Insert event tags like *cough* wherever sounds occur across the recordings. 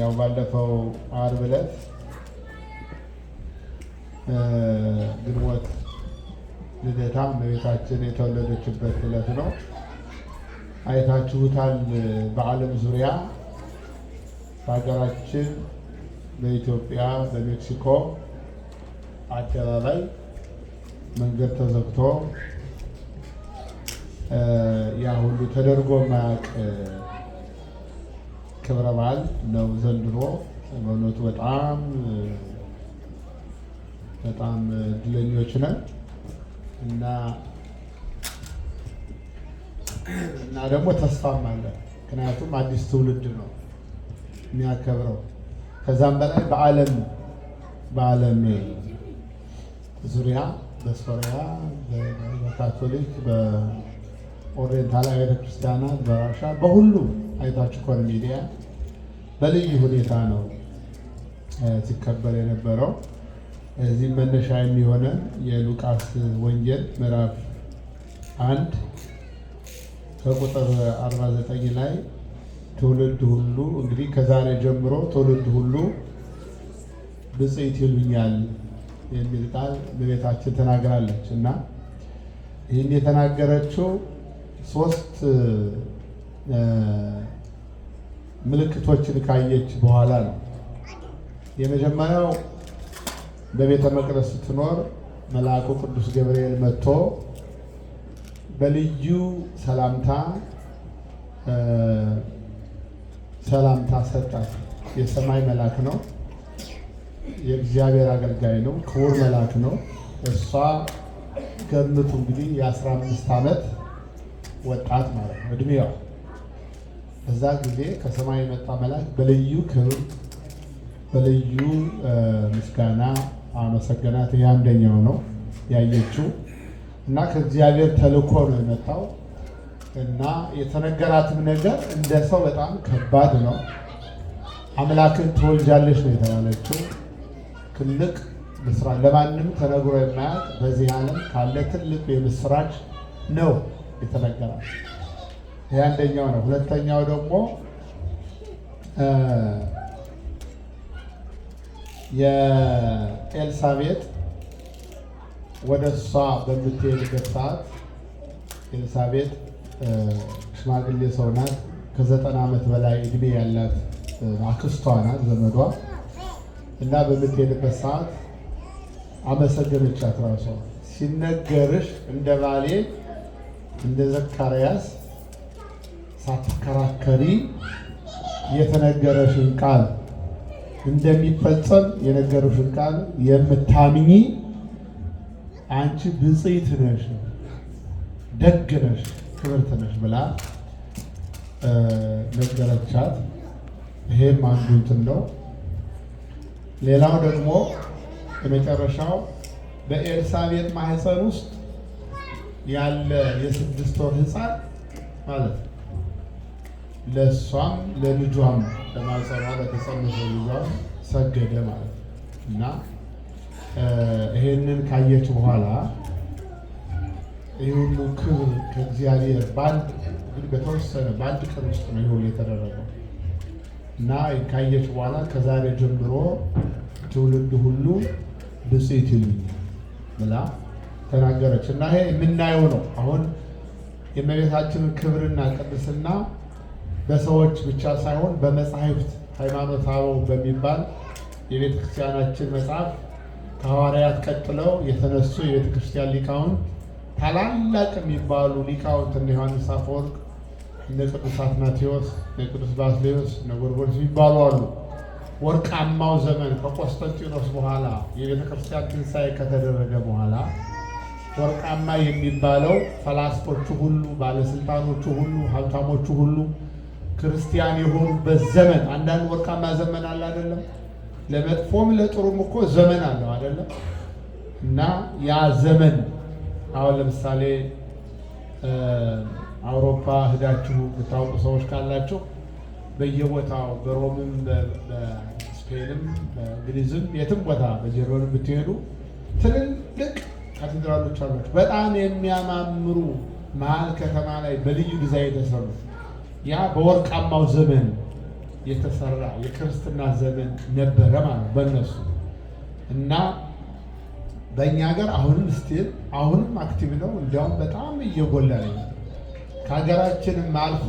ያው ባለፈው ዓርብ ዕለት ግንቦት ልደታ እመቤታችን የተወለደችበት ዕለት ነው። አይታችሁታል። በዓለም ዙሪያ በሀገራችን በኢትዮጵያ በሜክሲኮ አደባባይ መንገድ ተዘግቶ ያ ሁሉ ተደርጎ ማያውቅ ክብረ በዓል ነው ዘንድሮ። በእውነቱ በጣም በጣም እድለኞች ነን እና እና ደግሞ ተስፋም አለን። ምክንያቱም አዲስ ትውልድ ነው የሚያከብረው ከዛም በላይ በዓለም በዓለም ዙሪያ በሶሪያ በካቶሊክ ኦሪየንታል ቤተ ክርስቲያናት፣ በራሻ በሁሉም አይታችሁ ከሆነ ሚዲያ በልዩ ሁኔታ ነው ሲከበር የነበረው። እዚህ መነሻ የሚሆነ የሉቃስ ወንጌል ምዕራፍ አንድ ከቁጥር 49 ላይ ትውልድ ሁሉ እንግዲህ ከዛሬ ጀምሮ ትውልድ ሁሉ ብፅዕት ይሉኛል የሚል ቃል እመቤታችን ተናግራለች እና ይህን የተናገረችው ሶስት ምልክቶችን ካየች በኋላ ነው። የመጀመሪያው በቤተ መቅደስ ስትኖር መልአኩ ቅዱስ ገብርኤል መጥቶ በልዩ ሰላምታ ሰላምታ ሰጣት። የሰማይ መልአክ ነው። የእግዚአብሔር አገልጋይ ነው። ክቡር መልአክ ነው። እሷ ገምቱ እንግዲህ የአስራ አምስት ዓመት ወጣት ማለት ነው እድሜዋ። በዛ ጊዜ ከሰማይ የመጣ መልአክ በልዩ ክብር በልዩ ምስጋና አመሰገናት። አንደኛው ነው ያየችው እና ከእግዚአብሔር ተልኮ ነው የመጣው እና የተነገራትም ነገር እንደ ሰው በጣም ከባድ ነው። አምላክን ትወልጃለች ነው የተባለችው። ትልቅ ምስራች ለማንም ተነግሮ የማያውቅ በዚህ ዓለም ካለ ትልቅ የምስራች ነው። የተነገራል። ይህ አንደኛው ነው። ሁለተኛው ደግሞ የኤልሳቤጥ ወደ እሷ በምትሄድበት ሰዓት ኤልሳቤጥ ሽማግሌ ሰው ናት። ከዘጠና ዓመት በላይ እድሜ ያላት አክስቷ ናት ዘመዷ እና በምትሄድበት ሰዓት አመሰገነቻት። ራሷ ሲነገርሽ እንደ ባሌ እንደ ዘካርያስ ሳትከራከሪ የተነገረሽን ቃል እንደሚፈጸም የነገረሽን ቃል የምታምኚ አንቺ ብፅዕት ነሽ፣ ደግ ነሽ፣ ክብርት ነሽ ብላ ነገረቻት። ይሄም አንዱ እንትን ነው። ሌላው ደግሞ የመጨረሻው በኤልሳቤጥ ማህፀን ውስጥ ያለ የስድስት ወር ህፃን ማለት ነው። ለእሷም ለልጇም ለማሰራ ለተጸነሰው ልጇም ሰገደ ማለት እና ይሄንን ካየች በኋላ ይህ ሁሉ ክብር ከእግዚአብሔር በአንድ በተወሰነ በአንድ ቀን ውስጥ ነው ይሁን የተደረገው እና ካየች በኋላ ከዛሬ ጀምሮ ትውልድ ሁሉ ብፅዕት ይሉኛል ብላ ተናገረች እና ይሄ የምናየው ነው። አሁን የእመቤታችንን ክብርና ቅድስና በሰዎች ብቻ ሳይሆን በመጽሐፍት ሃይማኖተ አበው በሚባል የቤተ ክርስቲያናችን መጽሐፍ ከሐዋርያት ቀጥለው የተነሱ የቤተ ክርስቲያን ሊቃውንት ታላላቅ የሚባሉ ሊቃውንት እነ ዮሐንስ አፈወርቅ፣ እነ ቅዱስ አትናቴዎስ፣ እነ ቅዱስ ባስሌዎስ፣ እነ ጎርጎርዮስ የሚባሉ አሉ። ወርቃማው ዘመን ከቆስጠንጢኖስ በኋላ የቤተ ክርስቲያን ትንሣኤ ከተደረገ በኋላ ወርቃማ የሚባለው ፈላስፎቹ ሁሉ፣ ባለስልጣኖቹ ሁሉ፣ ሀብታሞቹ ሁሉ ክርስቲያን የሆኑበት ዘመን። አንዳንድ ወርቃማ ዘመን አለ አይደለም? ለመጥፎም ለጥሩም እኮ ዘመን አለው አይደለም? እና ያ ዘመን አሁን ለምሳሌ አውሮፓ ሄዳችሁ የምታውቁ ሰዎች ካላችሁ በየቦታው በሮምም፣ በስፔንም፣ በእንግሊዝም የትም ቦታ በጀርመን ብትሄዱ ትልልቅ ካቴድራሎች አሏቸው። በጣም የሚያማምሩ መሀል ከተማ ላይ በልዩ ዲዛይን የተሰሩ ያ በወርቃማው ዘመን የተሰራ የክርስትና ዘመን ነበረ ማለት ነው በእነሱ እና በእኛ ሀገር አሁንም ስቲል አሁንም አክቲቭ ነው። እንዲያውም በጣም እየጎላ ነው። ከሀገራችንም አልፎ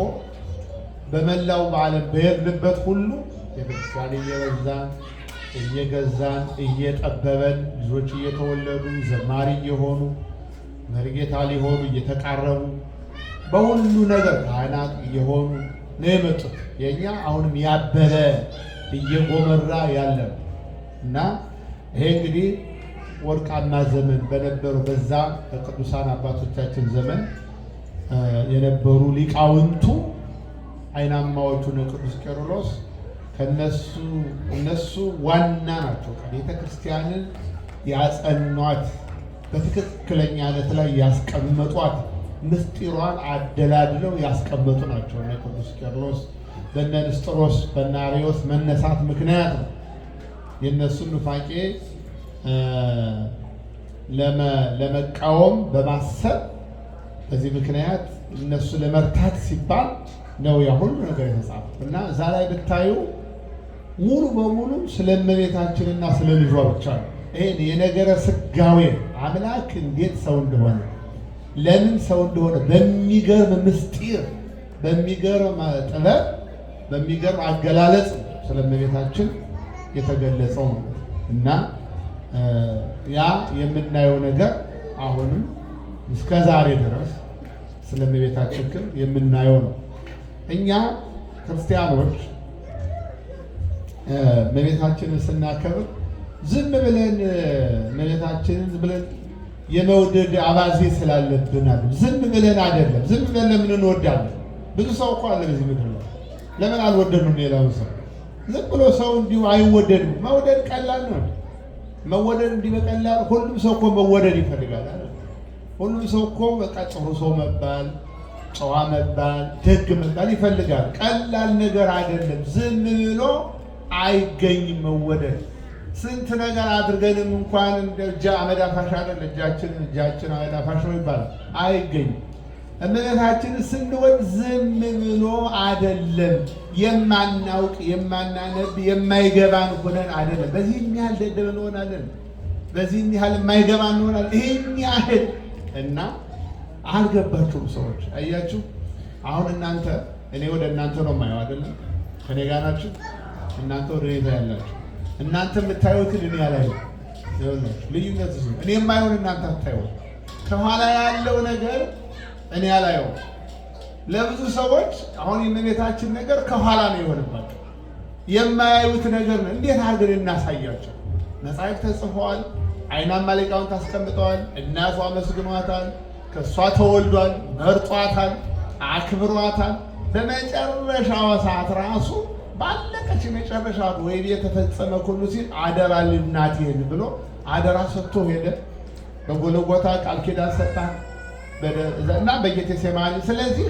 በመላው በዓለም በሄድንበት ሁሉ የቤተክርስቲያን እየበዛ እየገዛን እየጠበበን ልጆች እየተወለዱ ዘማሪ እየሆኑ መርጌታ ሊሆኑ እየተቃረቡ በሁሉ ነገር ካህናት እየሆኑ ነው የመጡት። የእኛ አሁንም ያበበ እየጎመራ ያለ እና ይሄ እንግዲህ ወርቃማ ዘመን በነበረው በዛ በቅዱሳን አባቶቻችን ዘመን የነበሩ ሊቃውንቱ አይናማዎቹ ነው ቅዱስ ቄርሎስ ከነሱ እነሱ ዋና ናቸው። ቤተ ክርስቲያንን ያጸኗት በትክክለኛ ነት ላይ ያስቀመጧት ምስጢሯን አደላድለው ያስቀመጡ ናቸው። እነ ቅዱስ ቄርሎስ በነ ንስጥሮስ በነ አርዮስ መነሳት ምክንያት ነው። የእነሱን ኑፋቄ ለመቃወም በማሰብ በዚህ ምክንያት እነሱ ለመርታት ሲባል ነው ያ ሁሉ ነገር የተጻፈው እና እዛ ላይ ብታዩ ሙሉ በሙሉ ስለ እመቤታችንና ስለ ልጇ ብቻ ነው። ይህን የነገረ ስጋዌ አምላክ እንዴት ሰው እንደሆነ ለምን ሰው እንደሆነ በሚገርም ምስጢር፣ በሚገርም ጥበብ፣ በሚገርም አገላለጽ ስለ እመቤታችን የተገለጸው ነው እና ያ የምናየው ነገር አሁንም እስከ ዛሬ ድረስ ስለ እመቤታችን የምናየው ነው። እኛ ክርስቲያኖች እመቤታችንን ስናከብር ዝም ብለን እመቤታችንን ብለን የመውደድ አባዜ ስላለብን ዝም ብለን አይደለም። ዝም ብለን ለምን እንወዳለን? ብዙ ሰው እኮ አለ በዚህ ምድር ላይ ለምን አልወደዱም ሌላውን ሰው ዝም ብሎ ሰው እንዲሁ አይወደድም። መውደድ ቀላል ነው። መወደድ እንዲህ በቀላል ሁሉም ሰው እኮ መወደድ ይፈልጋል። ሁሉም ሰው እኮ በቃ ጥሩ ሰው መባል፣ ጨዋ መባል፣ ደግ መባል ይፈልጋል። ቀላል ነገር አይደለም ዝም ብሎ አይገኝም መወደድ። ስንት ነገር አድርገንም እንኳን እንደ እጃ አመዳፋሽ አይደል እጃችን እጃችን አመዳፋሽ ነው ይባላል። አይገኝም። እምነታችን ስንወድ ዝም ብሎ አይደለም የማናውቅ የማናነብ የማይገባን ሆነን አይደለም። በዚህ ያህል ደደብ እንሆናለን፣ በዚህ ያህል የማይገባን እንሆናለን። ይህን ያህል እና አልገባችሁም ሰዎች። አያችሁ አሁን እናንተ እኔ ወደ እናንተ ነው የማየው አይደለም ከኔ ጋር ናችሁ እናንተ ወደ ያላችሁ እናንተ የምታዩትን እኔ አላየሁ። ልዩነት እሱ እኔ የማይሆን እናንተ አታዩ። ከኋላ ያለው ነገር እኔ ያላየው ለብዙ ሰዎች አሁን የእመቤታችን ነገር ከኋላ ነው የሆነባቸው። የማያዩት ነገር ነው። እንዴት አድርገን እናሳያቸው? መጽሐፍ ተጽፈዋል። አይናማ ማለቃውን ታስቀምጠዋል። እናቷ አመስግኗታል። ከእሷ ተወልዷል። መርጧታል፣ አክብሯታል። በመጨረሻዋ ሰዓት ራሱ ባለቀች የመጨረሻ ወይኔ የተፈጸመ ሁሉ ሲል አደራ ልናትህን ብሎ አደራ ሰጥቶ ሄደ። በጎለጎታ ቃል ኪዳን ሰጣ እና በጌቴሴማኒ። ስለዚህ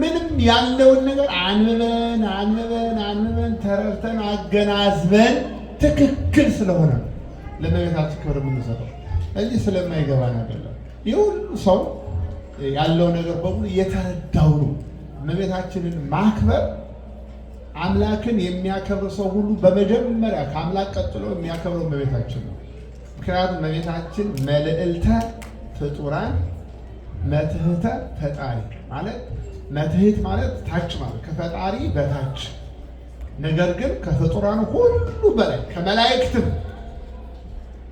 ምንም ያለውን ነገር አንብበን አንብበን አንብበን ተረድተን አገናዝበን ትክክል ስለሆነ ለመቤታችን ክብር የምንሰጠው እዚህ ስለማይገባን አይደለም። ይህ ሁሉ ሰው ያለው ነገር በሙሉ የተረዳው ነው። እመቤታችንን ማክበር አምላክን የሚያከብር ሰው ሁሉ በመጀመሪያ ከአምላክ ቀጥሎ የሚያከብረው እመቤታችን ነው። ምክንያቱም እመቤታችን መልዕልተ ፍጡራን መትህተ ፈጣሪ ማለት መትህት ማለት ታች ማለት ከፈጣሪ በታች ነገር ግን ከፍጡራን ሁሉ በላይ ከመላእክትም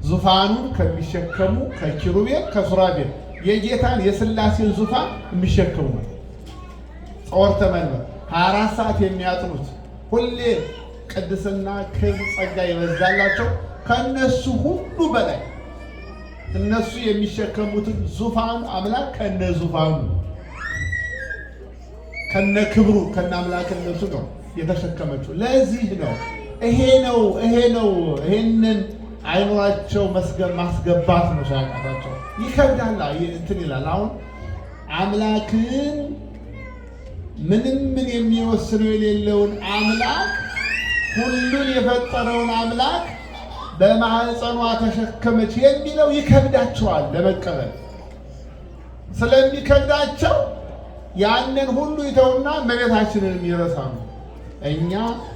ዙፋኑን ከሚሸከሙ ከኪሩቤል ከሱራቤል የጌታን የስላሴን ዙፋን የሚሸከሙ ነው። ጾርተ መንበር አራት ሰዓት የሚያጥኑት ሁሌ ቅድስና፣ ክብር፣ ጸጋ ይበዛላቸው ከነሱ ሁሉ በላይ እነሱ የሚሸከሙትን ዙፋን አምላክ ከነ ዙፋኑ ከነ ክብሩ ከነ አምላክነቱ ነው የተሸከመችው። ለዚህ ነው ይሄ ነው ይሄ ነው ይሄንን አይኖራቸው ማስገባት ነው። ሲያቃታቸው ይከብዳል። እንትን ይላል አሁን አምላክን ምንም ምን የሚወስነው የሌለውን አምላክ ሁሉን የፈጠረውን አምላክ በማህፀኗ ተሸከመች የሚለው ይከብዳቸዋል ለመቀበል። ስለሚከብዳቸው ያንን ሁሉ ይተውና የሚረሳ ነው። እኛ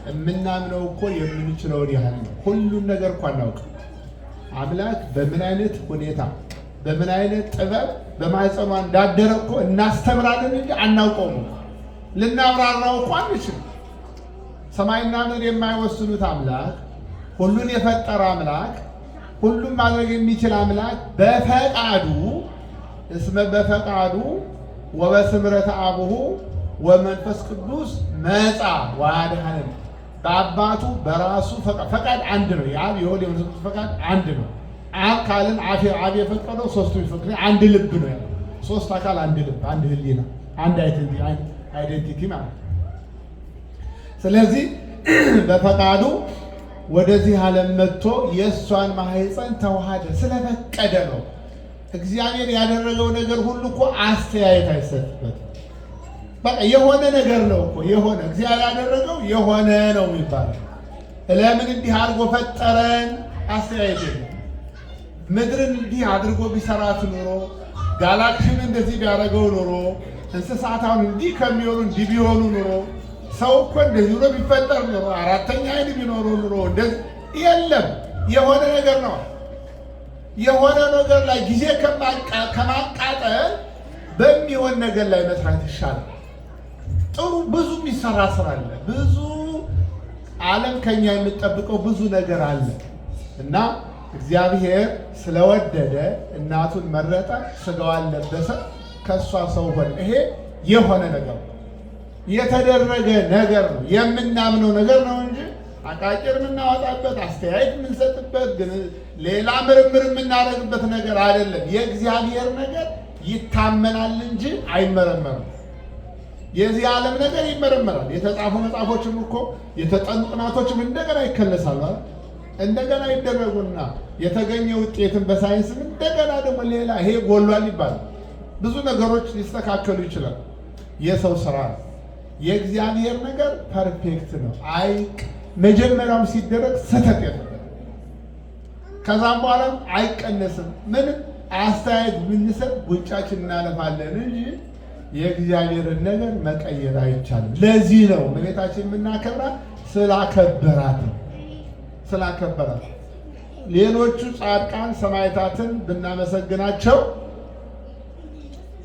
የምናምነው እኮ የምንችለውን ያህል ነው። ሁሉን ነገር እኮ አናውቅም። አምላክ በምን አይነት ሁኔታ በምን አይነት ጥበብ በማህፀኗ እንዳደረ እኮ እናስተምራለን እንጂ አናውቀውም። ልናብራራው እኮ አንችልም። ሰማይና ምድር የማይወስኑት አምላክ፣ ሁሉን የፈጠረ አምላክ፣ ሁሉም ማድረግ የሚችል አምላክ በፈቃዱ እስመ በፈቃዱ ወበስምረተ አቡሁ ወመንፈስ ቅዱስ መጻ ወአድኀነነ በአባቱ በራሱ ፈቃድ አንድ ነው። የአብ የወልድ የመንፈስ ቅዱስ ፈቃድ አንድ ነው። አብ ካልን አብ የፈቀደው ሶስቱ ይፈቅደ አንድ ልብ ነው ሶስት አካል አንድ ልብ፣ አንድ ህሊና፣ አንድ አይት አይዴንቲቲ ማለት ነው። ስለዚህ *clears throat* በፈቃዱ ወደዚህ ዓለም መጥቶ የእሷን ማህፀን ተዋሃደ ስለፈቀደ ነው። እግዚአብሔር ያደረገው ነገር ሁሉ እኮ አስተያየት አይሰጥበትም። በቃ የሆነ ነገር ነው እኮ የሆነ እግዚአብሔር ያደረገው የሆነ ነው የሚባለው። ለምን እንዲህ አድርጎ ፈጠረን? አስተያየት የለም። ምድርን እንዲህ አድርጎ ቢሰራት ኑሮ፣ ጋላክሲን እንደዚህ ቢያደርገው ኑሮ እንስሳት አሁን እንዲህ ከሚሆኑ እንዲህ ቢሆኑ ኑሮ ሰው እኮ እንደዚህ ብሎ ቢፈጠር ኑሮ አራተኛ አይን ቢኖሩ ኑሮ እንደዚህ የለም። የሆነ ነገር ነው። የሆነ ነገር ላይ ጊዜ ከማቃጠል በሚሆን ነገር ላይ መስራት ይሻላል። ጥሩ ብዙ የሚሰራ ስራ አለ። ብዙ ዓለም ከኛ የምጠብቀው ብዙ ነገር አለ እና እግዚአብሔር ስለወደደ እናቱን መረጠ፣ ስጋዋን ለበሰ። ከእሷ ሰው ሆነ። ይሄ የሆነ ነገር የተደረገ ነገር ነው፣ የምናምነው ነገር ነው እንጂ አቃጭር የምናወጣበት አስተያየት የምንሰጥበት ግን ሌላ ምርምር የምናደርግበት ነገር አይደለም። የእግዚአብሔር ነገር ይታመናል እንጂ አይመረመርም። የዚህ ዓለም ነገር ይመረመራል። የተጻፉ መጽሐፎችም እኮ የተጠኑ ጥናቶችም እንደገና ይከለሳሉ፣ እንደገና ይደረጉና የተገኘ ውጤትን በሳይንስም እንደገና ደግሞ ሌላ ይሄ ጎሏል ይባላል። ብዙ ነገሮች ሊስተካከሉ ይችላል። የሰው ስራ፣ የእግዚአብሔር ነገር ፐርፌክት ነው። አይ መጀመሪያም ሲደረግ ስህተት የለም። ከዛም በኋላም አይቀነስም። ምንም አስተያየት ብንሰጥ ጉንጫችን እናለፋለን እንጂ የእግዚአብሔርን ነገር መቀየር አይቻልም። ለዚህ ነው እመቤታችን የምናከብራት ስላከበራት ስላከበራት ሌሎቹ ጻድቃን ሰማዕታትን ብናመሰግናቸው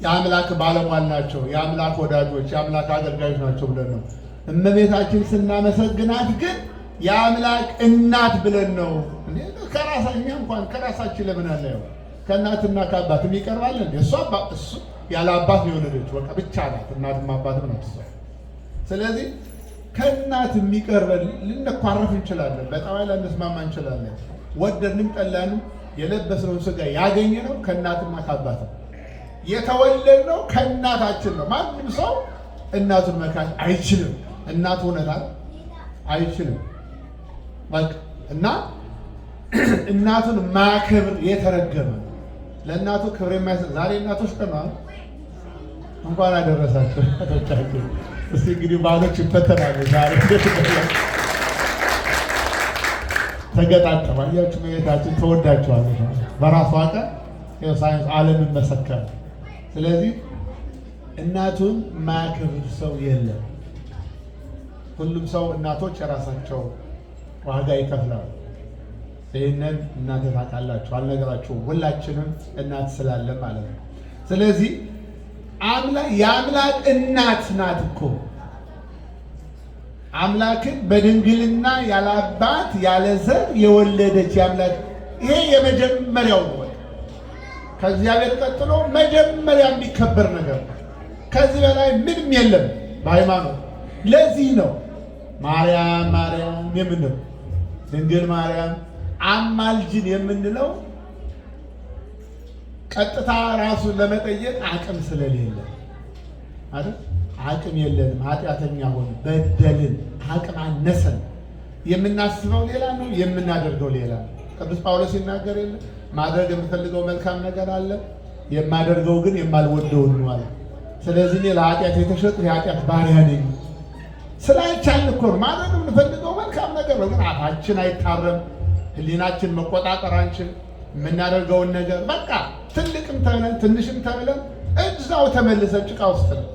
የአምላክ ባለሟል ናቸው፣ የአምላክ ወዳጆች፣ የአምላክ አገልጋዮች ናቸው ብለን ነው። እመቤታችን ስናመሰግናት ግን የአምላክ እናት ብለን ነው። ከራሳኛ እንኳን ከራሳችን ለምን አለ ያው ከእናትና ከአባት የሚቀርባል እንዴ? እሱ ያለ አባት የወለደች። በቃ ብቻ ናት እናትም አባትም ነው። ስለዚህ ከእናት የሚቀርበን ልንኳረፍ እንችላለን፣ በጠባይ ላንስማማ እንችላለን። ወደድንም ጠላንም የለበስነውን ስጋ ያገኘ ነው ከእናትና ከአባት ነው። የተወለድነው ከእናታችን ነው። ማንም ሰው እናቱን መካድ አይችልም። እናቱ ሆነታል አይችልም። በቃ እና *clears throat* እናቱን ማክብር የተረገመ ለእናቱ ክብር የማይሰጥ ዛሬ እናቶች ቀን እንኳን አደረሳችሁ እናቶቻችን። እስቲ እንግዲህ ባሎች ይፈተናሉ ዛሬ ተገጣጠማያችሁ መቤታችን ተወዳችኋል። በራሷ ቀን ሳይንስ ዓለምን መሰከረ። ስለዚህ እናቱን ማያከብር ሰው የለም። ሁሉም ሰው እናቶች የራሳቸው ዋጋ ይከፍላሉ። ይህንን እናንተ ታውቃላችሁ፣ አልነገራችሁም። ሁላችንም እናት ስላለ ማለት ነው። ስለዚህ የአምላክ እናት ናት እኮ አምላክን በድንግልና ያለ አባት ያለ ዘር የወለደች የአምላክ ይሄ የመጀመሪያው ነው። ከእግዚአብሔር ቀጥሎ መጀመሪያ የሚከበር ነገር ከዚህ በላይ ምንም የለም በሃይማኖት። ለዚህ ነው ማርያም ማርያም የምንለው ድንግል ማርያም አማልጅን የምንለው ቀጥታ ራሱን ለመጠየቅ አቅም ስለሌለ አይደል? አቅም የለንም። ኃጢአተኛ ሆን በደልን፣ አቅም አነሰን። የምናስበው ሌላ ነው፣ የምናደርገው ሌላ ነው። ቅዱስ ጳውሎስ ይናገር የለን ማድረግ የምፈልገው መልካም ነገር አለ፣ የማደርገው ግን የማልወደውን ነው አለ። ስለዚህ እኔ ለኃጢአት የተሸጥኩ የኃጢአት ባሪያ ነኝ። ስላልቻልን እኮ ነው። ማድረግ የምንፈልገው መልካም ነገር ነው፣ ግን አፋችን አይታረም፣ ህሊናችን መቆጣጠር አንችል። የምናደርገውን ነገር በቃ ትልቅም ተብለን ትንሽም ተብለን እዛው ተመልሰን ጭቃ ውስጥ ነው።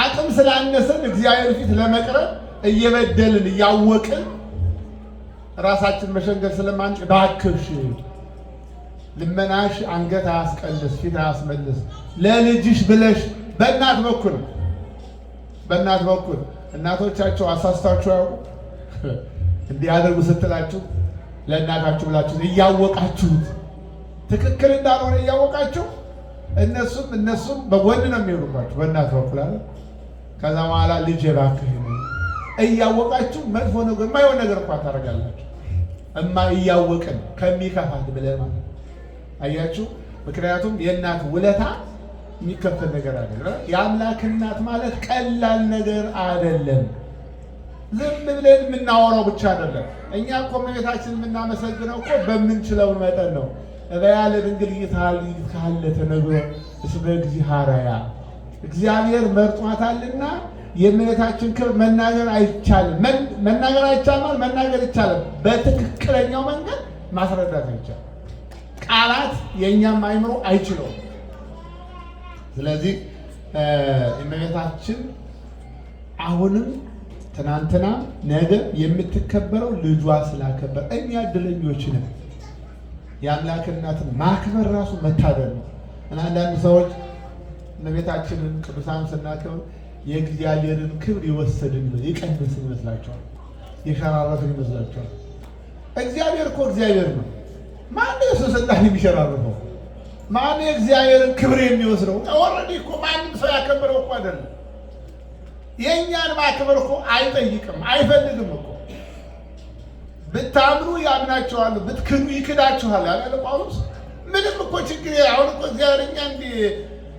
አቅም ስላነሰን እግዚአብሔር ፊት ለመቅረብ እየበደልን እያወቅን ራሳችን መሸንገር ስለማንጭ ባክሽ ልመናሽ አንገት አያስቀልስ፣ ፊት አያስመልስ። ለልጅሽ ብለሽ በእናት በኩል በእናት በኩል እናቶቻቸው አሳስታችሁ ያውቁ *laughs* እንዲህ ስትላችሁ ለእናታችሁ ብላችሁ እያወቃችሁት ትክክል እንዳልሆነ እያወቃችሁ እነሱም እነሱም በጎን ነው የሚሆኑባችሁ በእናት በኩል አለ። ከዛ በኋላ ልጅ የባክህ እያወቃችሁ መጥፎ ነገር የማይሆን ነገር እኳ ታደርጋላችሁ። እማ እያወቅን ከሚከፋት ብለህ ማለት አያችሁ። ምክንያቱም የእናት ውለታ የሚከፈል ነገር አለ። የአምላክ እናት ማለት ቀላል ነገር አይደለም። ዝም ብለን የምናወራው ብቻ አይደለም። እኛ እኮ እመቤታችንን የምናመሰግነው እኮ በምንችለው መጠን ነው። እበያ ለድንግል ይትካሀል ለተነግሮ እስመ እግዚሃረያ እግዚአብሔር መርጧታልና የእመቤታችን ክብር መናገር አይቻልም። መናገር አይቻልም፣ መናገር ይቻላል። በትክክለኛው መንገድ ማስረዳት አይቻልም። ቃላት የእኛም አይምሮ አይችለውም። ስለዚህ እመቤታችን አሁንም ትናንትና ነገ የምትከበረው ልጇ ስላከበር እኛ እድለኞች ነን። የአምላክ እናትን ማክበር ራሱ መታደል ነው እና አንዳንድ ሰዎች እመቤታችንን ቅዱሳን ስናከብር የእግዚአብሔርን ክብር ይወሰድን ይቀንስ ይመስላቸዋል፣ የሸራረፍን ይመስላቸዋል። እግዚአብሔር እኮ እግዚአብሔር ነው። ማን የሰው ስልጣን የሚሸራርፈው? ማን የእግዚአብሔርን ክብር የሚወስደው? ወረዲ እኮ ማንም ሰው ያከብረው እኮ አይደለም። የእኛን ማክበር እኮ አይጠይቅም አይፈልግም እኮ። ብታምኑ ያምናችኋል፣ ብትክዱ ይክዳችኋል ያለ ጳውሎስ። ምንም እኮ ችግር አሁን እኮ እግዚአብሔር እኛ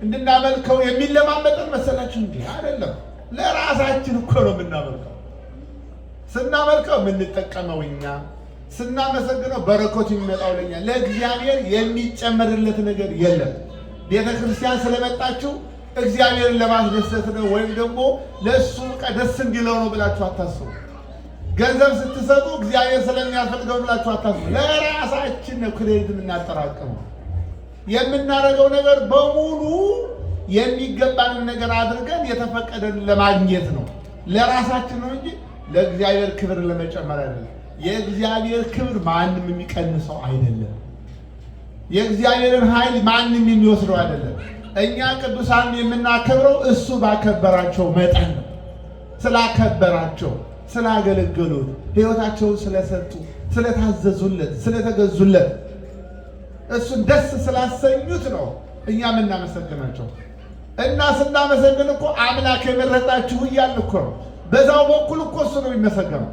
እንድናመልከው የሚለማመጠን መሰላችሁ? እንዲ አይደለም። ለራሳችን እኮ ነው የምናመልከው። ስናመልከው የምንጠቀመው እኛ ስናመሰግነው በረከቱ የሚመጣው ለኛ። ለእግዚአብሔር የሚጨመርለት ነገር የለም። ቤተ ክርስቲያን ስለመጣችሁ እግዚአብሔርን ለማስደሰት ነው ወይም ደግሞ ለእሱ ደስ እንዲለው ነው ብላችሁ አታስቡ። ገንዘብ ስትሰጡ እግዚአብሔር ስለሚያስፈልገው ብላችሁ አታስቡ። ለራሳችን ነው ክሬዲት የምናጠራቅመው። የምናደርገው ነገር በሙሉ የሚገባንን ነገር አድርገን የተፈቀደን ለማግኘት ነው። ለራሳችን ነው እንጂ ለእግዚአብሔር ክብር ለመጨመር አይደለም። የእግዚአብሔር ክብር ማንም የሚቀንሰው አይደለም። የእግዚአብሔርን ኃይል ማንም የሚወስደው አይደለም። እኛ ቅዱሳን የምናከብረው እሱ ባከበራቸው መጠን ነው። ስላከበራቸው፣ ስላገለገሉት፣ ሕይወታቸውን ስለሰጡ፣ ስለታዘዙለት፣ ስለተገዙለት እሱን ደስ ስላሰኙት ነው እኛ የምናመሰግናቸው እና ስናመሰግን እኮ አምላክ የመረጣችሁ እያልን እኮ ነው። በዛው በኩል እኮ እሱ ነው የሚመሰገነው።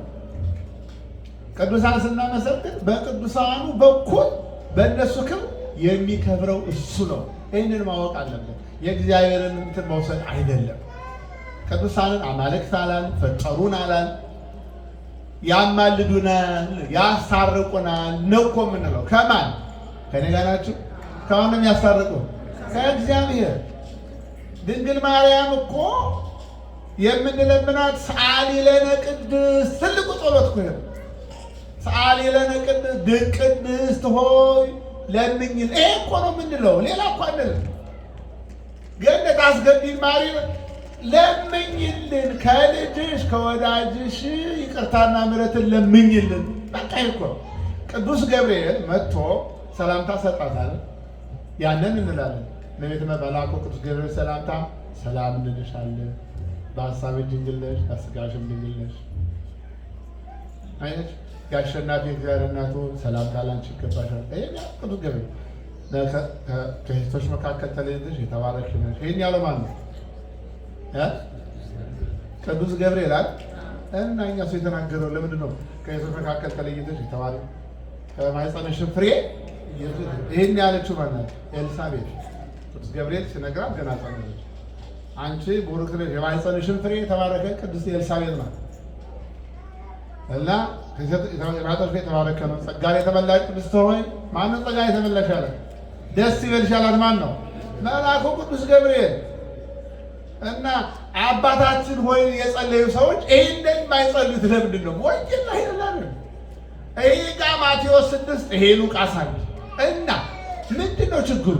ቅዱሳን ስናመሰግን በቅዱሳኑ በኩል በእነሱ ክብር የሚከብረው እሱ ነው። ይህንን ማወቅ አለብን። የእግዚአብሔርን እንትን መውሰድ አይደለም። ቅዱሳንን አማልክት አላል፣ ፈጠሩን አላል። ያማልዱናል፣ ያስታርቁናል ነው እኮ የምንለው። ከማን ከእኔ ከማን ናችሁ? ከእግዚአብሔር። ድንግል ማርያም እኮ የምንለምናት ሰአሊ ለነ ቅድስት ትልቁ ጸሎት እኮ ሰአሊ ለነ ቅድስት ሆይ ለምኝል። ይሄ እኮ ነው የምንለው፣ ሌላ እኮ አንልም። ገነት አስገቢን ማሪ ለምኝልን፣ ከልጅሽ ከወዳጅሽ ይቅርታና ምሕረትን ለምኝልን። በቃ እኮ ቅዱስ ገብርኤል መጥቶ ሰላምታ ሰጣታል። ያንን እንላለን። ለቤት መላኩ ቅዱስ ገብርኤል ሰላምታ ሰላም እንልሻለን፣ በሀሳብ ድንግል ነሽ፣ በስጋሽም ድንግል ነሽ አይነት የአሸናፊ እግዚአብሔር እናቱ ሰላምታ ላንቺ ይገባሻል። ቅዱስ ገብርኤል ከሴቶች መካከል ተለይተሽ የተባረክሽ ነሽ። ይህን ያለው ማነው? ቅዱስ ገብርኤል አይደል? እና እኛ ሰው የተናገረው ለምንድን ነው? ከሴቶች መካከል ተለይተሽ የተባረክሽ ከማኅፀንሽ ፍሬ ይህን ያለችው ማናት? ኤልሳቤት ቅዱስ ገብርኤል ሲነግራት ገና ጸነች። አንቺ ቡሩክ ነሽ የማኅፀንሽን ፍሬ የተባረከ ቅዱስ ኤልሳቤት ናት። እና ከሴቶች የተባረከ ነው። ጸጋን የተመላሽ ቅድስት ሆይ ማነው ጸጋን የተመላሽ አለ? ደስ ይበልሽ አላት። ማን ነው? መልአኩ ቅዱስ ገብርኤል እና አባታችን ሆይ የጸለዩ ሰዎች ይህን የማይጸልዩት ለምንድን ነው? ወንጌል ላይ ይላልን። ይህ ጋር ማቴዎስ ስድስት ይሄ ሉቃስ አለ እና ምንድን ነው ችግሩ?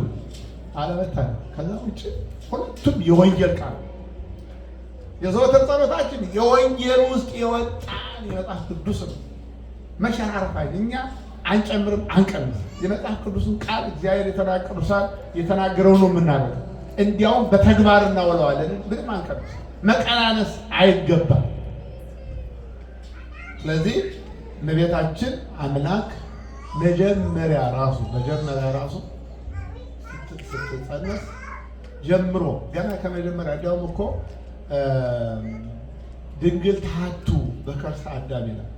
አለመታነው። ከዛ ውጭ ሁለቱም የወንጌል ቃል የዘወትር ጸሎታችን የወንጌል ውስጥ የወጣ የመጽሐፍ ቅዱስ ነው። መሸራረፋይ እኛ አንጨምርም አንቀምር። የመጽሐፍ ቅዱስን ቃል እግዚአብሔር የተናቅዱሳል የተናገረው ነው የምናደርገው። እንዲያውም በተግባር እናውለዋለን። ምንም አንቀምስ፣ መቀናነስ አይገባም። ስለዚህ እመቤታችን አምላክ መጀመሪያ ራሱ መጀመሪያ ራሱ ስትጸነስ ጀምሮ ገና ከመጀመሪያ እንዲያውም እኮ ድንግል ታህቱ በከርሰ አዳም ይላል።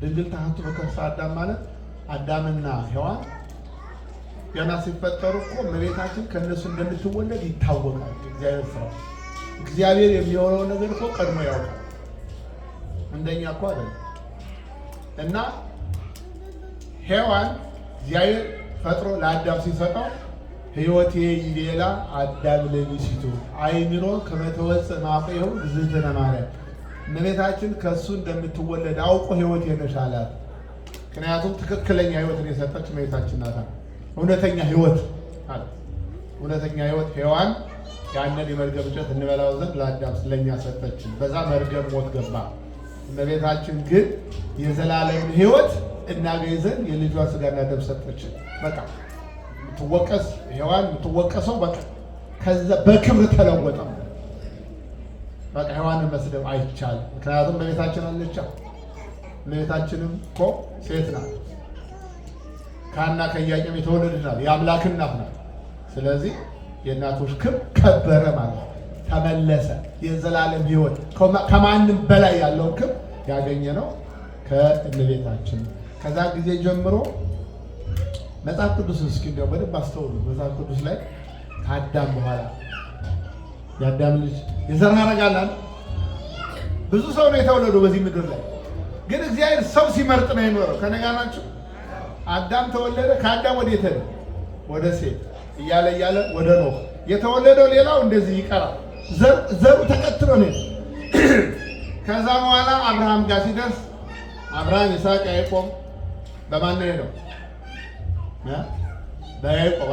ድንግል ታህቱ በከርሰ አዳም ማለት አዳምና ሔዋን ገና ሲፈጠሩ እኮ መሬታችን ከእነሱ እንደምትወለድ ይታወቃል። እግዚአብሔር ስራ እግዚአብሔር የሚሆነው ነገር እኮ ቀድሞ ያውቃል። እንደኛ እኮ አይደለም። እና ሔዋን እግዚአብሔር ፈጥሮ ለአዳም ሲሰጠው ሕይወቴ ይቤላ አዳም ለብእሲቱ አይምሮ ከመተወፅእ ማቄሁ እግዝእትነ ማርያም እመቤታችን ከእሱ እንደምትወለድ አውቆ ሕይወቴ ነሽ አላት። ምክንያቱም ትክክለኛ ሕይወትን የሰጠች እመቤታችን ናት። እውነተኛ ሕይወት አላት። እውነተኛ ሕይወት ሔዋን ያንን የመርገም እንጨት እንበላው ዘንድ ለአዳም ስለኛ ሰጠችን። በዛ መርገም ሞት ገባ። እመቤታችን ግን የዘላለምን ሕይወት እናገኝ ዘንድ የልጇ ስጋና ደም ሰጠችን። በቃ ትወቀስ ሔዋን የምትወቀሰው በክብር ተለወጠ። በቃ ሔዋንን መስደብ አይቻልም። ምክንያቱም እመቤታችን አለቻ። እመቤታችንም እኮ ሴት ናት፣ ከሐና ከኢያቄም የተወለደች ናት፣ የአምላክ እናት ናት። ስለዚህ የእናቶች ክብር ከበረ ማለት ተመለሰ። የዘላለም ሕይወት ከማንም በላይ ያለው ክብር ያገኘ ነው ከእመቤታችን ከዛ ጊዜ ጀምሮ መጽሐፍ ቅዱስ እስኪ እንዲያው በደንብ አስተውሉት። መጽሐፍ ቅዱስ ላይ ከአዳም በኋላ የአዳም ልጅ የዘር ሐረግ አለ። ብዙ ሰው ነው የተወለደው በዚህ ምድር ላይ ግን እግዚአብሔር ሰው ሲመርጥ ነው የኖረው። ከነጋ ናቸው አዳም ተወለደ። ከአዳም ወደ የት ሄደ? ወደ ሴት እያለ እያለ ወደ ኖህ የተወለደው። ሌላው እንደዚህ ይቀራል። ዘሩ ተከትሎ ነው። *clears throat* ከዛ በኋላ አብርሃም ጋር ሲደርስ አብርሃም ይስሐቅ፣ ያዕቆብ በማን ነው የሄደው? በያዕቆብ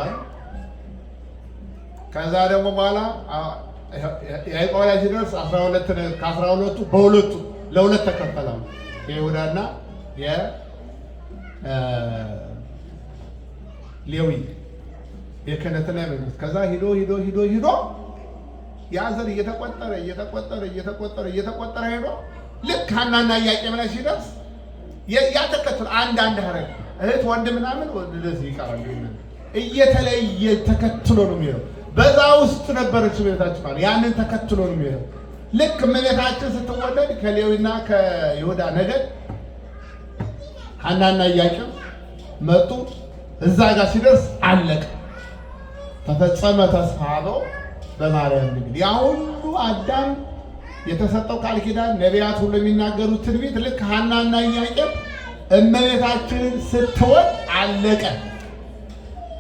ከዛ ደግሞ በኋላ ያዕቆብ ላይ ሲደርስ ከአስራ ሁለቱ በሁለቱ ለሁለት ተከፈለ። የይሁዳና የሌዊ የክህነትና የመንግስት ከዛ ሂዶ ሂዶ ሂዶ ሂዶ ያ ዘር እየተቆጠረ እየተቆጠረ እየተቆጠረ እየተቆጠረ ሄዶ ልክ ሀናና ኢያቄም ላይ ሲደርስ ያ አንድ አንድ ሀረግ እህት ወንድ ምናምን ወደዚህ ይቀራል። እየተለየ ተከትሎ ነው የሚሄደው። በዛ ውስጥ ነበረች እመቤታችን ማለት ያንን ተከትሎ ነው የሚሄደው። ልክ እመቤታችን ስትወለድ ከሌዊና ከይሁዳ ነገድ ሐናና ኢያቄም መጡ። እዛ ጋር ሲደርስ አለቀ። ተፈጸመ ተስፋ በማርያም እንግዲህ ያ ሁሉ አዳም የተሰጠው ቃል ኪዳን ነቢያት ሁሉ የሚናገሩት ትንቢት ልክ ሐናና ኢያቄም እመቤታችንን ስትወድ አለቀ።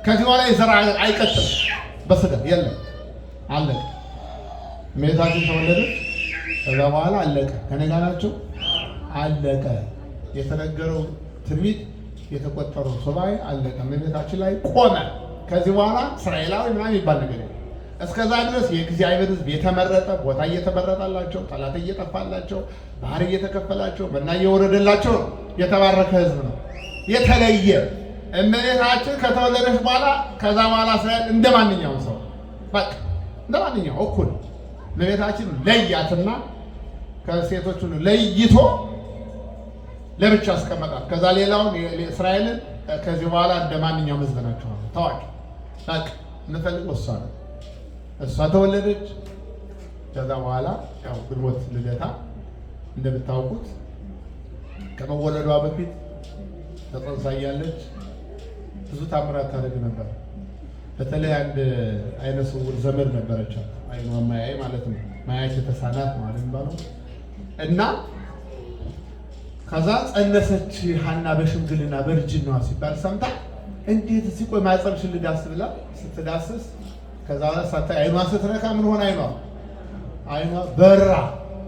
ከዚህ በኋላ የዘር አይቀጥልም፣ በስጋ የለም፣ አለቀ። እመቤታችን ተወለደች። ከዛ በኋላ አለቀ። ከእኔ ጋር ናቸው። አለቀ። የተነገረው ትንቢት የተቆጠረው ሱባኤ አለቀ። እመቤታችን ላይ ቆመ። ከዚህ በኋላ እስራኤላዊ ምናምን የሚባል ነገር የለም። እስከዛ ድረስ የእግዚአብሔር ሕዝብ የተመረጠ ቦታ እየተመረጣላቸው፣ ጠላት እየጠፋላቸው፣ ባህር እየተከፈላቸው፣ መና እየወረደላቸው ነው። የተባረከ ህዝብ ነው። የተለየ እመቤታችን ከተወለደች በኋላ ከዛ በኋላ እስራኤል እንደ ማንኛውም ሰው በቃ እንደ ማንኛውም እኩል እመቤታችን ለያትና ከሴቶች ሁሉ ለይቶ ለብቻ አስቀመጣት። ከዛ ሌላውን እስራኤልን ከዚህ በኋላ እንደ ማንኛውም ህዝብ ናቸው ታዋቂ በቃ እንፈልግ እሷ ነው። እሷ ተወለደች። ከዛ በኋላ ያው ግንቦት ልደታ እንደምታውቁት ከመወለዷ በፊት ተጸንሳ እያለች ብዙ ታምራት ታደርግ ነበር። በተለይ አንድ አይነ ስውር ዘመድ ነበረቻት፣ አይኗ ማያይ ማለት ነው፣ ማያች የተሳናት ማለት ነው። እና ከዛ ጸነሰች ሀና በሽምግልና በእርጅናዋ ሲባል ሰምታ እንዴት እዚህ ቆይ ማጸብሽን ልዳስ ብላ ስትዳስስ ከዛ ሳታይ አይኗ ስትነካ ምን ሆነ? አይኗ አይኗ በራ።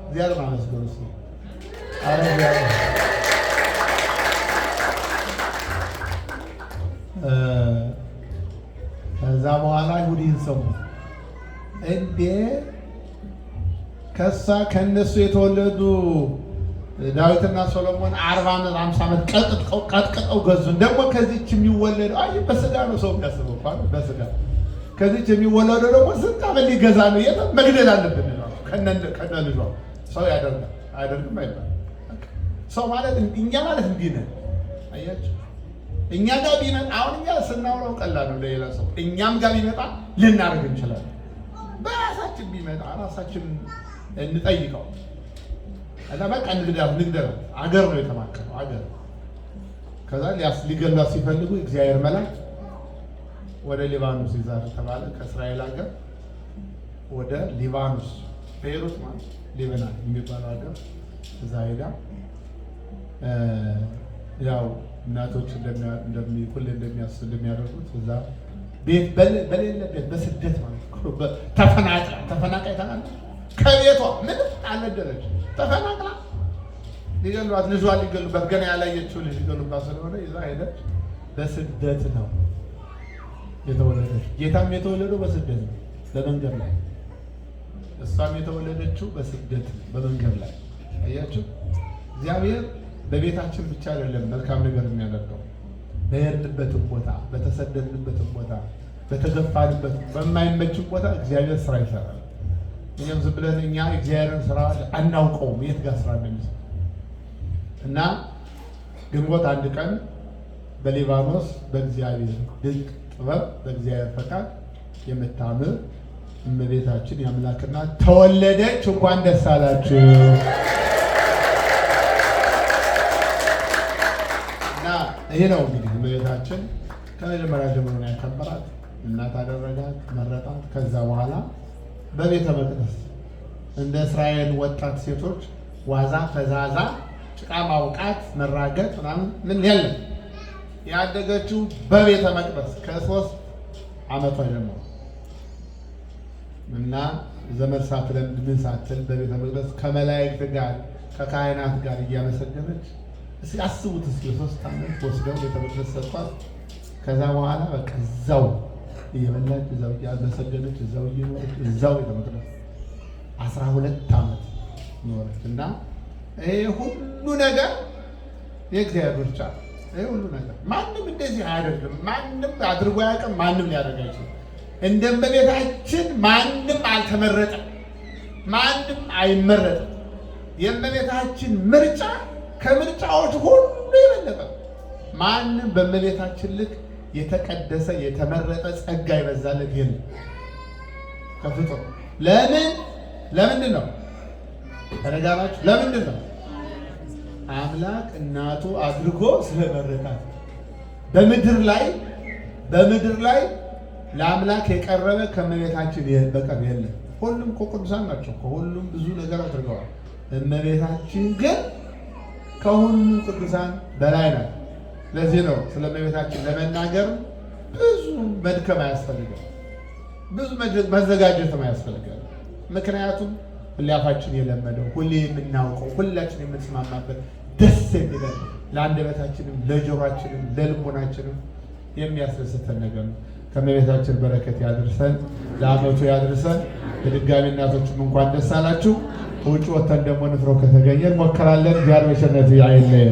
እዚያ እግዚአብሔር ይመስገን። ከዛ በኋላ ይሁዲን ሰሙ እንዴ ከሳ ከነሱ የተወለዱ ዳዊትና ሶሎሞን አርባ ዓመት አምሳ ዓመት ቀጥጥቀው ቀጥቅጠው ገዙ። ደግሞ ከዚች የሚወለዱ አይ በስጋ ነው ሰው የሚያስበው እንኳን በስጋ ከዚች የሚወለዱ ደግሞ ስንት ዓመት ሊገዛ ነው? የት መግደል አለብን ነው ከነ ልጇ ሰው ያደርጋል አያደርግም አይባል ሰው ማለት እኛ ማለት እንዲህ ነን አያችሁ። እኛ ጋር ቢመጣ አሁን እኛ ስናውረው ቀላል ነው ለሌላ ሰው። እኛም ጋር ቢመጣ ልናደርግ እንችላለን። በራሳችን ቢመጣ ራሳችን እንጠይቀው እና በቃ ንግዳት ንግደራ አገር ነው የተማከለው አገር። ከዛ ሊያስ ሊገሏት ሲፈልጉ እግዚአብሔር መላክ ወደ ሊባኖስ ይዛር ተባለ። ከእስራኤል ሀገር ወደ ሊባኖስ ፔሩት ማለት ሊበናን የሚባለው ሀገር እዛ ሄዳ ያው እናቶች ሁሌ እንደሚያደርጉት እዛ ቤት በሌለበት በስደት ማለት ተፈናቅላ ተፈናቃይ ተናንተ ከቤቷ ምንም አልነደረች ተፈናቅላ ሊገሉባት ልጇ ሊገሉባት ገና ያላየችው ልጅ ሊገሉባት ስለሆነ ይዛ ሄደች። በስደት ነው የተወለደች። ጌታም የተወለደው በስደት ነው፣ በመንገድ ላይ። እሷም የተወለደችው በስደት ነው፣ በመንገድ ላይ። አያችሁ እግዚአብሔር በቤታችን ብቻ አይደለም መልካም ነገር የሚያደርገው በሄድንበትም ቦታ፣ በተሰደድንበትም ቦታ፣ በተገፋንበት በማይመችም ቦታ እግዚአብሔር ስራ ይሰራል። እኛም ዝም ብለን እኛ እግዚአብሔርን ስራ አናውቀውም የት ጋር ስራ እንደሚሰራ እና ግንቦት አንድ ቀን በሊባኖስ በእግዚአብሔር ድንቅ ጥበብ በእግዚአብሔር ፈቃድ የምታምር እመቤታችን የአምላክና ተወለደች። እንኳን ደስ አላችሁ። ሌላው ነው እንግዲህ እመቤታችን ከመጀመሪያ ጀምሮ ያከበራት እናት አደረጋት፣ መረጣት። ከዛ በኋላ በቤተ መቅደስ እንደ እስራኤል ወጣት ሴቶች ዋዛ ፈዛዛ ጭቃ ማውቃት መራገጥ ምናምን ምን የለም። ያደገችው በቤተ መቅደስ ከሶስት አመቷ ጀምሮ እና ዘመን ሳትለምድ ምን ሳትል በቤተ መቅደስ ከመላእክት ጋር ከካህናት ጋር እያመሰገነች አስቡት እስኪ ሶስት ዓመት ወስደው ቤተ ሰጥቷት። ከዛ በኋላ በቃ እዛው እየበላች እዛው እያመሰገነች እዛው እየኖረች እዛው ቤተ አስራ ሁለት ዓመት ኖረች እና ይህ ሁሉ ነገር የእግዚአብሔር ምርጫ። ይህ ሁሉ ነገር ማንም እንደዚህ አያደርግም። ማንም አድርጎ አያውቅም። ማንም ሊያደርግ አይችልም። እንደ እመቤታችን ማንም አልተመረጠም። ማንም አይመረጥም። የእመቤታችን ምርጫ ከምርጫዎች ሁሉ የበለጠ ማንም በመቤታችን ልክ የተቀደሰ የተመረጠ ጸጋ ይበዛለት የለም ከፍጡር። ለምን ለምንድን ነው ተደጋባችሁ? ለምንድን ነው አምላክ እናቱ አድርጎ ስለመረጣት። በምድር ላይ በምድር ላይ ለአምላክ የቀረበ ከእመቤታችን በቀር የለም። ሁሉም እኮ ቅዱሳን ናቸው። ከሁሉም ብዙ ነገር አድርገዋል። እመቤታችን ግን ከሁሉ ቅዱሳን በላይ ናት። ለዚህ ነው ስለ እመቤታችን ለመናገር ብዙ መድከም አያስፈልጋል፣ ብዙ መዘጋጀትም አያስፈልጋል። ምክንያቱም ሁላፋችን የለመደው ሁሌ የምናውቀው ሁላችን የምንስማማበት ደስ የሚለን ለአንደበታችንም ለጆሯችንም ለልቦናችንም የሚያስደስተን ነገር ነው። ከእመቤታችን በረከት ያድርሰን፣ ለአመቱ ያድርሰን። በድጋሚ እናቶችም እንኳን ደስ አላችሁ። ውጭ ወተን ደግሞ ንፍሮ ከተገኘ እንሞክራለን። ዚያር መሸነት አይለየን።